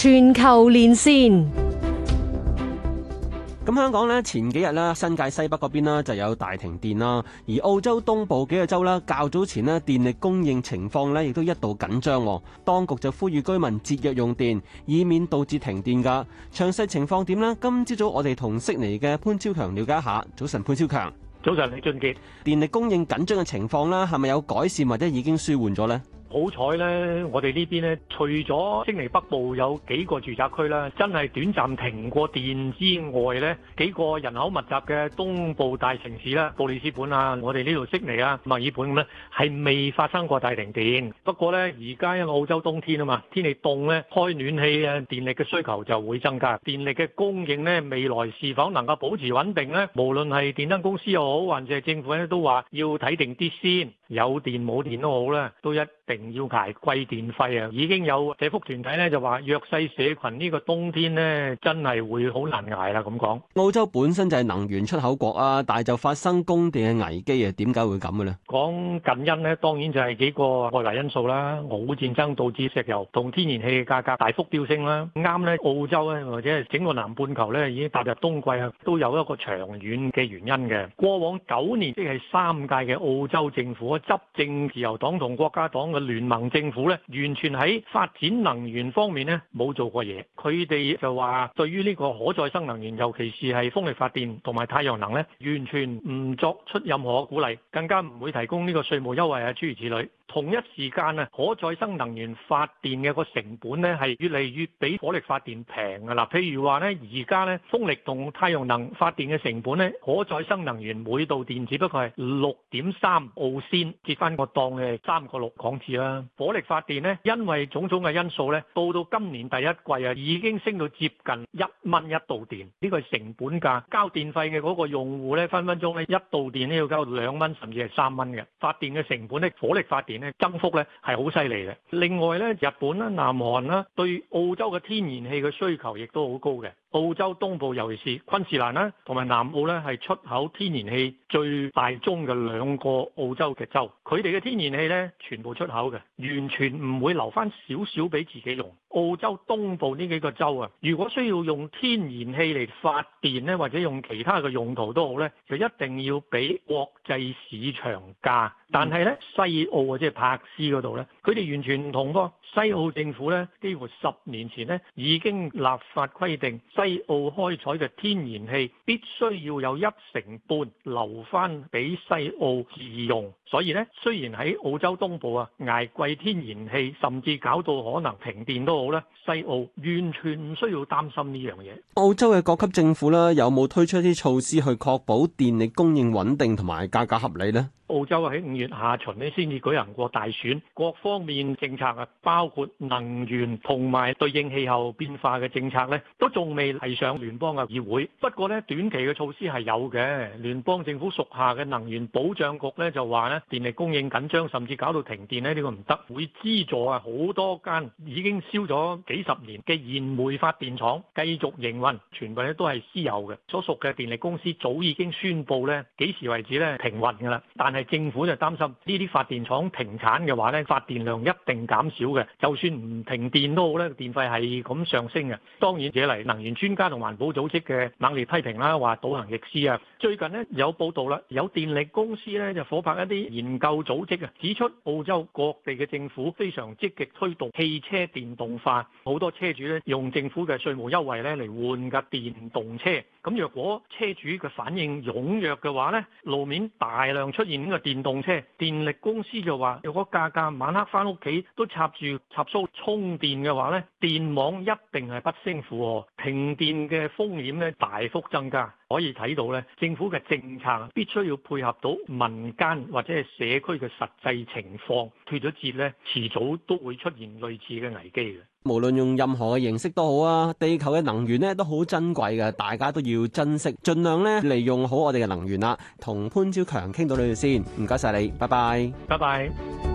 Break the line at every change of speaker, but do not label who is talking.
全球連線，咁香港咧，前幾日啦，新界西北嗰邊啦就有大停電啦，而澳洲東部幾個州啦，較早前呢，電力供應情況咧亦都一度緊張，當局就呼籲居民節約用電，以免導致停電噶。詳細情況點呢？今朝早我哋同悉尼嘅潘昭強了解一下。早晨，潘昭強，早晨，李俊傑，電力供應緊張嘅情況啦，係咪有改善或者已經舒緩咗呢？
好彩咧，我哋呢邊咧，除咗悉尼北部有幾個住宅區啦，真係短暫停過電之外咧，幾個人口密集嘅東部大城市啦，布里斯本啊，我哋呢度悉尼啊，墨爾本咁咧，係未發生過大停電。不過咧，而家喺澳洲冬天啊嘛，天氣凍咧，開暖氣啊，電力嘅需求就會增加，電力嘅供應咧，未來是否能夠保持穩定咧？無論係電燈公司又好，還是係政府咧，都話要睇定啲先。有電冇電都好啦，都一定要挨貴電費啊！已經有社福團體咧，就話弱勢社群呢個冬天咧，真係會好難挨啦。咁講，
澳洲本身就係能源出口國啊，但係就發生供電嘅危機啊，點解會咁嘅咧？
講近因咧，當然就係幾個外來因素啦。俄烏戰爭導致石油同天然氣嘅價格大幅飆升啦。啱咧，澳洲咧或者係整個南半球咧，已經踏入冬季啊，都有一個長遠嘅原因嘅。過往九年即係三屆嘅澳洲政府。執政自由黨同國家黨嘅聯盟政府咧，完全喺發展能源方面咧冇做過嘢。佢哋就話，對於呢個可再生能源，尤其是係風力發電同埋太陽能咧，完全唔作出任何鼓勵，更加唔會提供呢個稅務優惠啊諸如此類。同一時間啊，可再生能源發電嘅個成本咧係越嚟越比火力發電平㗎喇。譬如話呢，而家咧風力同太陽能發電嘅成本呢，可再生能源每度電只不過係六點三澳仙。接翻個檔嘅三個六港紙啦，火力發電咧，因為種種嘅因素咧，到到今年第一季啊，已經升到接近一蚊一度電。呢個係成本價，交電費嘅嗰個用戶咧，分分鐘咧一度電咧要交到兩蚊甚至係三蚊嘅。發電嘅成本咧，火力發電咧，增幅咧係好犀利嘅。另外咧，日本啦、南韓啦，對澳洲嘅天然氣嘅需求亦都好高嘅。澳洲東部尤其是昆士蘭啦，同埋南澳咧，係出口天然氣最大宗嘅兩個澳洲嘅。佢哋嘅天然氣呢，全部出口嘅，完全唔會留返少少俾自己用。澳洲東部呢幾個州啊，如果需要用天然氣嚟發電呢，或者用其他嘅用途都好呢，就一定要俾國際市場價。但係咧，西澳即係珀斯嗰度咧，佢哋完全唔同咯。西澳政府咧，幾乎十年前咧已經立法規定，西澳開採嘅天然氣必須要有一成半留翻俾西澳自用。所以咧，雖然喺澳洲東部啊挨貴天然氣，甚至搞到可能停電都好咧，西澳完全唔需要擔心呢樣嘢。
澳洲嘅各級政府咧，有冇推出一啲措施去確保電力供應穩定同埋價格合理呢？
澳洲喺五月下旬咧先至舉行過大選，各方面政策啊，包括能源同埋對應氣候變化嘅政策咧，都仲未提上聯邦嘅議會。不過咧，短期嘅措施係有嘅。聯邦政府屬下嘅能源保障局咧就話咧，電力供應緊張，甚至搞到停電咧，呢個唔得，會資助啊好多間已經燒咗幾十年嘅燃煤發電廠繼續營運，全部咧都係私有嘅。所屬嘅電力公司早已經宣布咧，幾時為止咧停運㗎啦。但係政府就得。擔心呢啲發電廠停產嘅話咧，發電量一定減少嘅。就算唔停電都好咧，電費係咁上升嘅。當然，惹嚟能源專家同環保組織嘅猛烈批評啦，話倒行逆施啊。最近咧有報道啦，有電力公司咧就火爆一啲研究組織啊，指出澳洲各地嘅政府非常積極推動汽車電動化，好多車主咧用政府嘅稅務優惠咧嚟換架電動車。咁若果車主嘅反應踴躍嘅話咧，路面大量出現呢個電動車。電力公司就話，如果價格晚黑返屋企都插住插蘇充電嘅話咧、電網一定係不勝負荷，停電嘅風險咧大幅增加。可以睇到咧，政府嘅政策必須要配合到民間或者係社區嘅實際情況，脫咗節咧，遲早都會出現類似嘅危機嘅。
無論用任何嘅形式都好啊，地球嘅能源咧都好珍貴嘅，大家都要珍惜，盡量咧利用好我哋嘅能源啦。同潘昭強傾到呢度先，唔該晒你，拜拜，拜拜。